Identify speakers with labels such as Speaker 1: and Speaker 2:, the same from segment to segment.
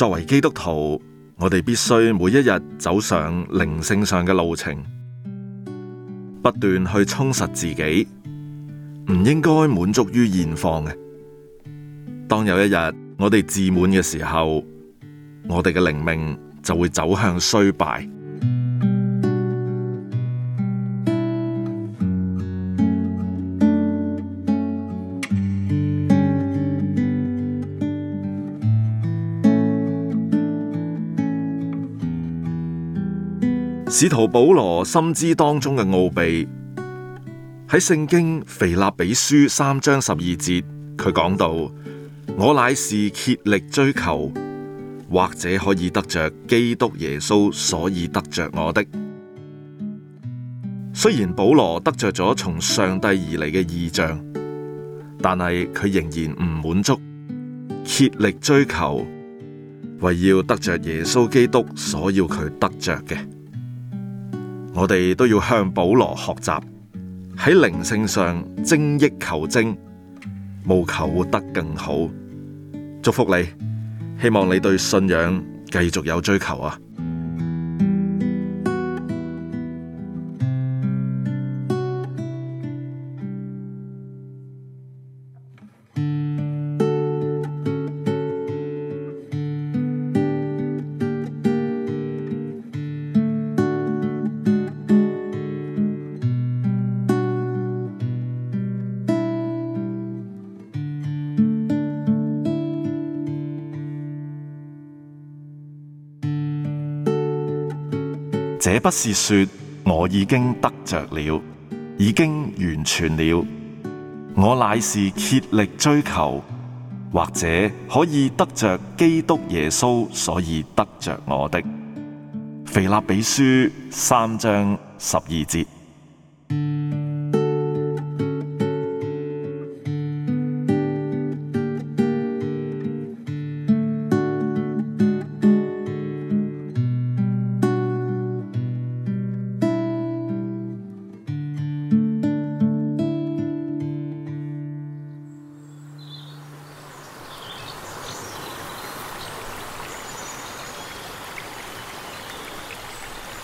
Speaker 1: 作為基督徒，我哋必須每一日走上靈性上嘅路程，不斷去充實自己，唔應該滿足於現況嘅。當有一日我哋自滿嘅時候，我哋嘅靈命就會走向衰敗。使徒保羅深知當中嘅奧秘，喺《聖經腓立比書》三章十二節，佢講到：我乃是竭力追求，或者可以得着基督耶穌，所以得着我的。雖然保羅得着咗從上帝而嚟嘅異象，但係佢仍然唔滿足，竭力追求，為要得着耶穌基督，所要佢得着嘅。我哋都要向保羅學習，喺靈性上精益求精，務求活得更好。祝福你，希望你對信仰繼續有追求啊！這不是說我已經得着了，已經完全了。我乃是竭力追求，或者可以得着基督耶穌，所以得着我的。腓立比書三章十二節。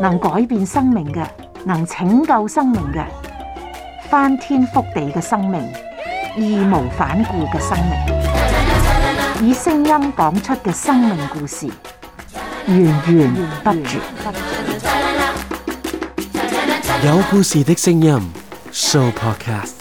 Speaker 2: 能改變生命嘅，能拯救生命嘅，翻天覆地嘅生命，義無反顧嘅生命，以聲音講出嘅生命故事，源源不絕。有故事的聲音，Show Podcast。